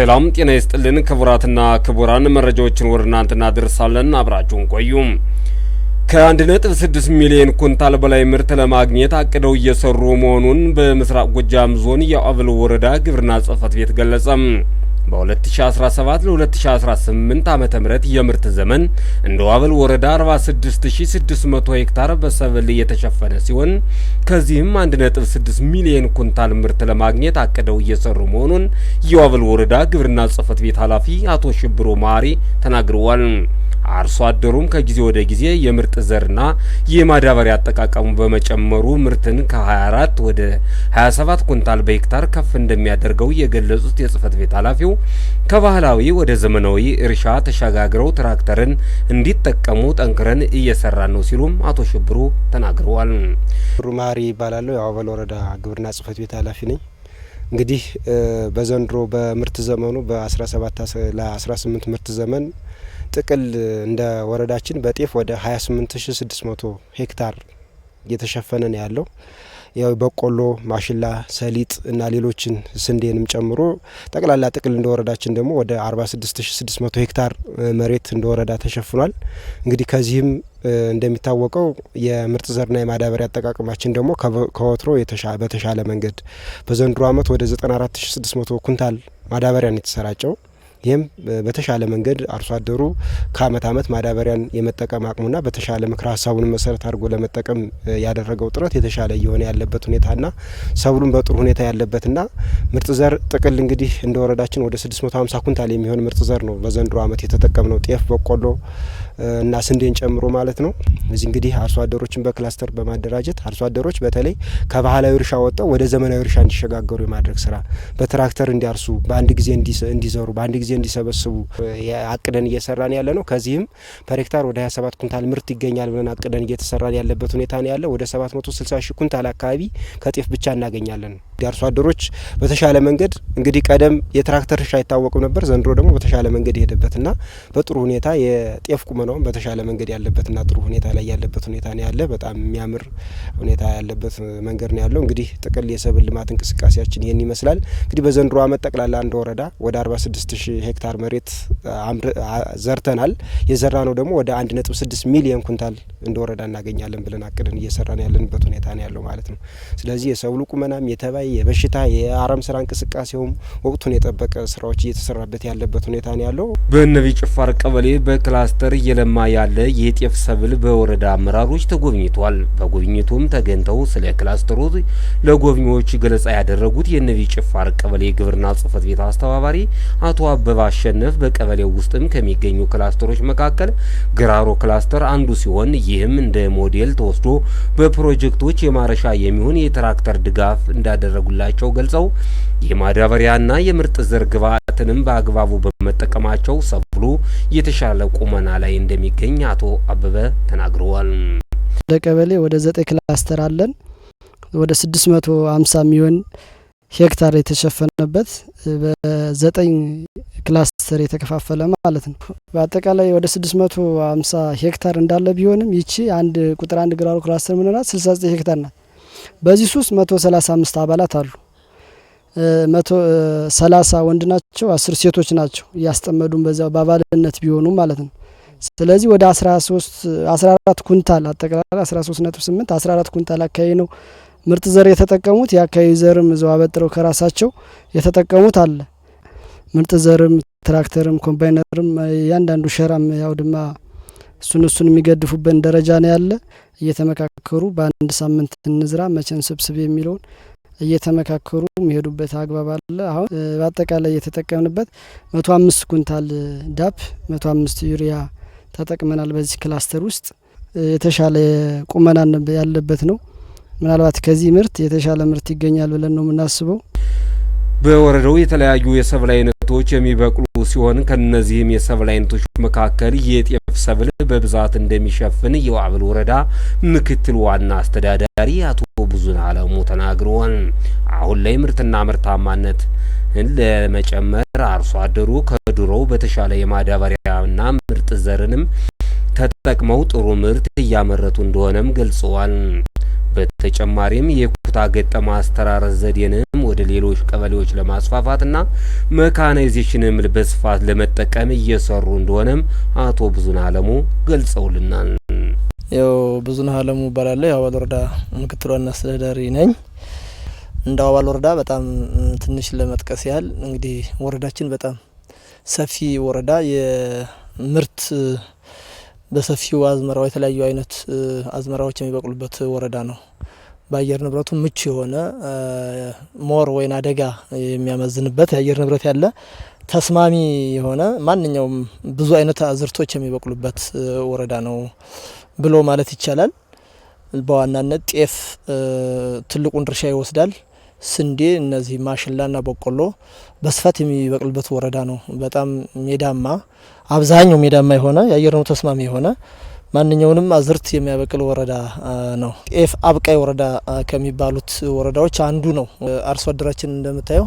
ሰላም ጤና ይስጥልን ክቡራትና ክቡራን፣ መረጃዎችን ወደ እናንተ እናደርሳለን። አብራችሁን ቆዩ። ከአንድ ነጥብ ስድስት ሚሊዮን ኩንታል በላይ ምርት ለማግኘት አቅደው እየሰሩ መሆኑን በምስራቅ ጎጃም ዞን የአብል ወረዳ ግብርና ጽፈት ቤት ገለጸም። በ2017 ለ2018 ዓ.ም የምርት ዘመን እንደ ዋበል ወረዳ 46600 ሄክታር በሰብል የተሸፈነ ሲሆን ከዚህም 1.6 ሚሊዮን ኩንታል ምርት ለማግኘት አቅደው እየሰሩ መሆኑን የዋበል ወረዳ ግብርና ጽህፈት ቤት ኃላፊ አቶ ሽብሮ ማሪ ተናግረዋል። አርሶ አደሩም ከጊዜ ወደ ጊዜ የምርጥ ዘርና የማዳበሪያ አጠቃቀሙ በመጨመሩ ምርትን ከ24 ወደ 27 ኩንታል በሄክታር ከፍ እንደሚያደርገው የገለጹት የጽህፈት ቤት ኃላፊው ከባህላዊ ወደ ዘመናዊ እርሻ ተሸጋግረው ትራክተርን እንዲጠቀሙ ጠንክረን እየሰራ ነው ሲሉም አቶ ሽብሩ ተናግረዋል። ሩማሪ ይባላለሁ። የአዋበል ወረዳ ግብርና ጽህፈት ቤት ኃላፊ ነኝ። እንግዲህ በዘንድሮ በምርት ዘመኑ በ17 ለ18 ምርት ዘመን ጥቅል እንደ ወረዳችን በጤፍ ወደ 28600 ሄክታር እየተሸፈነ ነው ያለው። ያው በቆሎ፣ ማሽላ፣ ሰሊጥ እና ሌሎችን ስንዴንም ጨምሮ ጠቅላላ ጥቅል እንደ ወረዳችን ደግሞ ወደ 46600 ሄክታር መሬት እንደ ወረዳ ተሸፍኗል። እንግዲህ ከዚህም እንደሚታወቀው የምርጥ ዘርና የማዳበሪያ አጠቃቀማችን ደግሞ ከወትሮ በተሻለ መንገድ በዘንድሮ ዓመት ወደ 94600 ኩንታል ማዳበሪያ ነው የተሰራጨው። ይህም በተሻለ መንገድ አርሶ አደሩ ከአመት አመት ማዳበሪያን የመጠቀም አቅሙና በተሻለ ምክር ሀሳቡን መሰረት አድርጎ ለመጠቀም ያደረገው ጥረት የተሻለ እየሆነ ያለበት ሁኔታና ሰብሉን በጥሩ ሁኔታ ያለበትና ምርጥ ዘር ጥቅል እንግዲህ እንደ ወረዳችን ወደ 650 ኩንታል የሚሆን ምርጥ ዘር ነው በዘንድሮ አመት የተጠቀምነው ጤፍ፣ በቆሎ እና ስንዴን ጨምሮ ማለት ነው። እዚህ እንግዲህ አርሶ አደሮችን በክላስተር በማደራጀት አርሶ አደሮች በተለይ ከባህላዊ እርሻ ወጥተው ወደ ዘመናዊ እርሻ እንዲሸጋገሩ የማድረግ ስራ በትራክተር እንዲያርሱ፣ በአንድ ጊዜ እንዲዘሩ፣ በአንድ ጊዜ ጊዜ እንዲሰበስቡ አቅደን እየሰራን ያለ ነው። ከዚህም ፐር ሄክታር ወደ 27 ኩንታል ምርት ይገኛል ብለን አቅደን እየተሰራን ያለበት ሁኔታ ነው ያለ ወደ 760 ሺህ ኩንታል አካባቢ ከጤፍ ብቻ እናገኛለን። የአርሶ አደሮች በተሻለ መንገድ እንግዲህ ቀደም የትራክተር እርሻ አይታወቅም ነበር። ዘንድሮ ደግሞ በተሻለ መንገድ የሄደበትና በጥሩ ሁኔታ የጤፍ ቁመናውም በተሻለ መንገድ ያለበትና ጥሩ ሁኔታ ላይ ያለበት ሁኔታ ነው ያለ። በጣም የሚያምር ሁኔታ ያለበት መንገድ ነው ያለው። እንግዲህ ጥቅል የሰብል ልማት እንቅስቃሴያችን ይህን ይመስላል። እንግዲህ በዘንድሮ ዓመት ጠቅላላ አንድ ወረዳ ወደ 46 ሺህ ሄክታር መሬት ዘርተናል። የዘራ ነው ደግሞ ወደ 1.6 ሚሊዮን ኩንታል እንደ ወረዳ እናገኛለን ብለን አቅደን እየሰራን ያለንበት ሁኔታ ነው ያለው ማለት ነው። ስለዚህ የሰብሉ ቁመናም የተባይ የበሽታ የአረም ስራ እንቅስቃሴውም ወቅቱን የጠበቀ ስራዎች እየተሰራበት ያለበት ሁኔታ ነው ያለው። በእነዚህ ጭፋር ቀበሌ በክላስተር እየለማ ያለ የጤፍ ሰብል በወረዳ አመራሮች ተጎብኝቷል። በጉብኝቱም ተገኝተው ስለ ክላስተሩ ለጎብኚዎች ገለጻ ያደረጉት የእነዚህ ጭፋር ቀበሌ ግብርና ጽህፈት ቤት አስተባባሪ አቶ አበባ አሸነፍ በቀበሌው ውስጥም ከሚገኙ ክላስተሮች መካከል ግራሮ ክላስተር አንዱ ሲሆን ይህም እንደ ሞዴል ተወስዶ በፕሮጀክቶች የማረሻ የሚሆን የትራክተር ድጋፍ እንዳደረጉ እንዳደረጉላቸው ገልጸው የማዳበሪያና የምርጥ ዘር ግብዓትንም በአግባቡ በመጠቀማቸው ሰብሉ የተሻለ ቁመና ላይ እንደሚገኝ አቶ አበበ ተናግረዋል። ወደ ቀበሌ ወደ ዘጠኝ ክላስተር አለን። ወደ ስድስት መቶ ሀምሳ የሚሆን ሄክታር የተሸፈነበት በዘጠኝ ክላስተር የተከፋፈለ ማለት ነው። በአጠቃላይ ወደ ስድስት መቶ ሀምሳ ሄክታር እንዳለ ቢሆንም ይቺ አንድ ቁጥር አንድ ግራሩ ክላስተር ምንናት ስልሳ ዘጠኝ ሄክታር ናት። በዚህ ሶስት መቶ ሰላሳ አምስት አባላት አሉ። መቶ ሰላሳ ወንድ ናቸው፣ አስር ሴቶች ናቸው። እያስጠመዱም በዛ በአባልነት ቢሆኑም ማለት ነው። ስለዚህ ወደ አስራ ሶስት አስራ አራት ኩንታል አጠቃላይ አስራ ሶስት ነጥብ ስምንት አስራ አራት ኩንታል አካባቢ ነው ምርጥ ዘር የተጠቀሙት። የአካባቢ ዘርም እዛው አበጥረው ከራሳቸው የተጠቀሙት አለ። ምርጥ ዘርም ትራክተርም ኮምባይነርም እያንዳንዱ ሸራም ያውድማ እሱን እሱን የሚገድፉበት ደረጃ ነው ያለ። እየተመካከሩ በአንድ ሳምንት እንዝራ መቼን ስብስብ የሚለውን እየተመካከሩ የሚሄዱበት አግባብ አለ። አሁን በአጠቃላይ እየተጠቀምንበት መቶ አምስት ኩንታል ዳፕ መቶ አምስት ዩሪያ ተጠቅመናል። በዚህ ክላስተር ውስጥ የተሻለ ቁመና ያለበት ነው። ምናልባት ከዚህ ምርት የተሻለ ምርት ይገኛል ብለን ነው የምናስበው። በወረዳው የተለያዩ የሰብል አይነቶች የሚበቅሉ ሲሆን ከነዚህም የሰብል አይነቶች መካከል የጤፍ ሰብል በብዛት እንደሚሸፍን የዋዕብል ወረዳ ምክትል ዋና አስተዳዳሪ አቶ ብዙን አለሙ ተናግረዋል። አሁን ላይ ምርትና ምርታማነት ለመጨመር አርሶ አደሩ ከድሮው በተሻለ የማዳበሪያና ምርጥ ዘርንም ተጠቅመው ጥሩ ምርት እያመረቱ እንደሆነም ገልጸዋል። በተጨማሪም የኩታ ገጠማ አስተራረስ ዘዴንም ወደ ሌሎች ቀበሌዎች ለማስፋፋትና መካናይዜሽንም በስፋት ለመጠቀም እየሰሩ እንደሆነም አቶ ብዙን አለሙ ገልጸውልናል። ያው ብዙን አለሙ እባላለሁ። የአዋል ወረዳ ምክትል ዋና አስተዳዳሪ ነኝ። እንደ አዋል ወረዳ በጣም ትንሽ ለመጥቀስ ያህል እንግዲህ ወረዳችን በጣም ሰፊ ወረዳ የምርት በሰፊው አዝመራው የተለያዩ አይነት አዝመራዎች የሚበቅሉበት ወረዳ ነው። በአየር ንብረቱ ምቹ የሆነ ሞር ወይን አደጋ የሚያመዝንበት የአየር ንብረት ያለ ተስማሚ የሆነ ማንኛውም ብዙ አይነት አዝርቶች የሚበቅሉበት ወረዳ ነው ብሎ ማለት ይቻላል። በዋናነት ጤፍ ትልቁን ድርሻ ይወስዳል። ስንዴ፣ እነዚህ ማሽላና በቆሎ በስፋት የሚበቅልበት ወረዳ ነው። በጣም ሜዳማ፣ አብዛኛው ሜዳማ የሆነ የአየር ነው ተስማሚ የሆነ ማንኛውንም አዝርት የሚያበቅል ወረዳ ነው። ጤፍ አብቃይ ወረዳ ከሚባሉት ወረዳዎች አንዱ ነው። አርሶ አደራችን እንደምታየው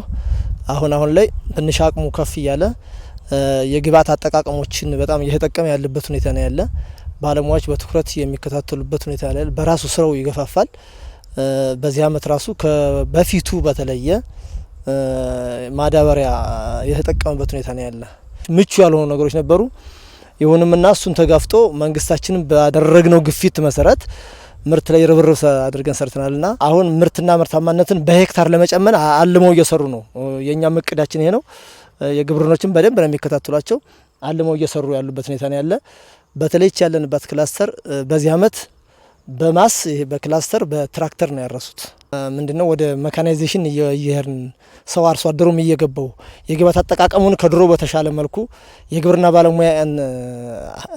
አሁን አሁን ላይ ትንሽ አቅሙ ከፍ እያለ የግብዓት አጠቃቀሞችን በጣም እየተጠቀመ ያለበት ሁኔታ ነው ያለ። ባለሙያዎች በትኩረት የሚከታተሉበት ሁኔታ ያለ። በራሱ ስራው ይገፋፋል። በዚህ አመት ራሱ በፊቱ በተለየ ማዳበሪያ የተጠቀመበት ሁኔታ ነው ያለ። ምቹ ያልሆኑ ነገሮች ነበሩ። ይሁንምና እሱን ተጋፍጦ መንግስታችንን ባደረግነው ግፊት መሰረት ምርት ላይ ርብርብ አድርገን ና አሁን ምርትና ምርታማነትን በሄክታር ለመጨመን አልመው እየሰሩ ነው። የእኛም እቅዳችን ይሄ ነው። የግብርኖችን በደንብ ነው የሚከታተሏቸው። አልመው እየሰሩ ያሉበት ሁኔታ ነው ያለ። በተለይች ያለንበት ክላስተር በዚህ አመት በማስ ይሄ በክላስተር በትራክተር ነው ያረሱት። ምንድነው ወደ መካናይዜሽን እየሄድን ሰው አርሶ አደሩም እየገባው የግባት አጠቃቀሙን ከድሮ በተሻለ መልኩ የግብርና ባለሙያ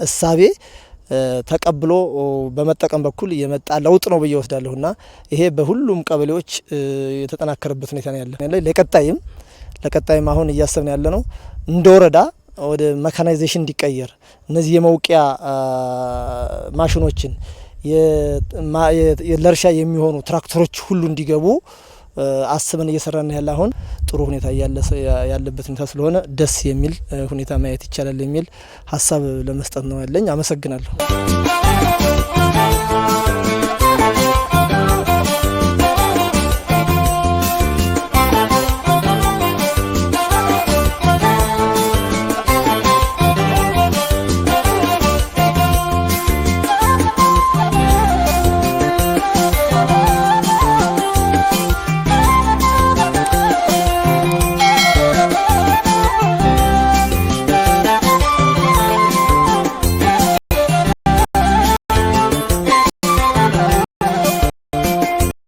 እሳቤ ተቀብሎ በመጠቀም በኩል የመጣ ለውጥ ነው ብዬ ወስዳለሁና ይሄ በሁሉም ቀበሌዎች የተጠናከረበት ሁኔታ ነው ያለ። ለቀጣይም ለቀጣይም አሁን እያሰብን ያለ ነው እንደ ወረዳ ወደ መካናይዜሽን እንዲቀየር እነዚህ የመውቂያ ማሽኖችን ለእርሻ የሚሆኑ ትራክተሮች ሁሉ እንዲገቡ አስበን እየሰራን ያለ አሁን ጥሩ ሁኔታ ያለበት ሁኔታ ስለሆነ ደስ የሚል ሁኔታ ማየት ይቻላል የሚል ሀሳብ ለመስጠት ነው ያለኝ። አመሰግናለሁ።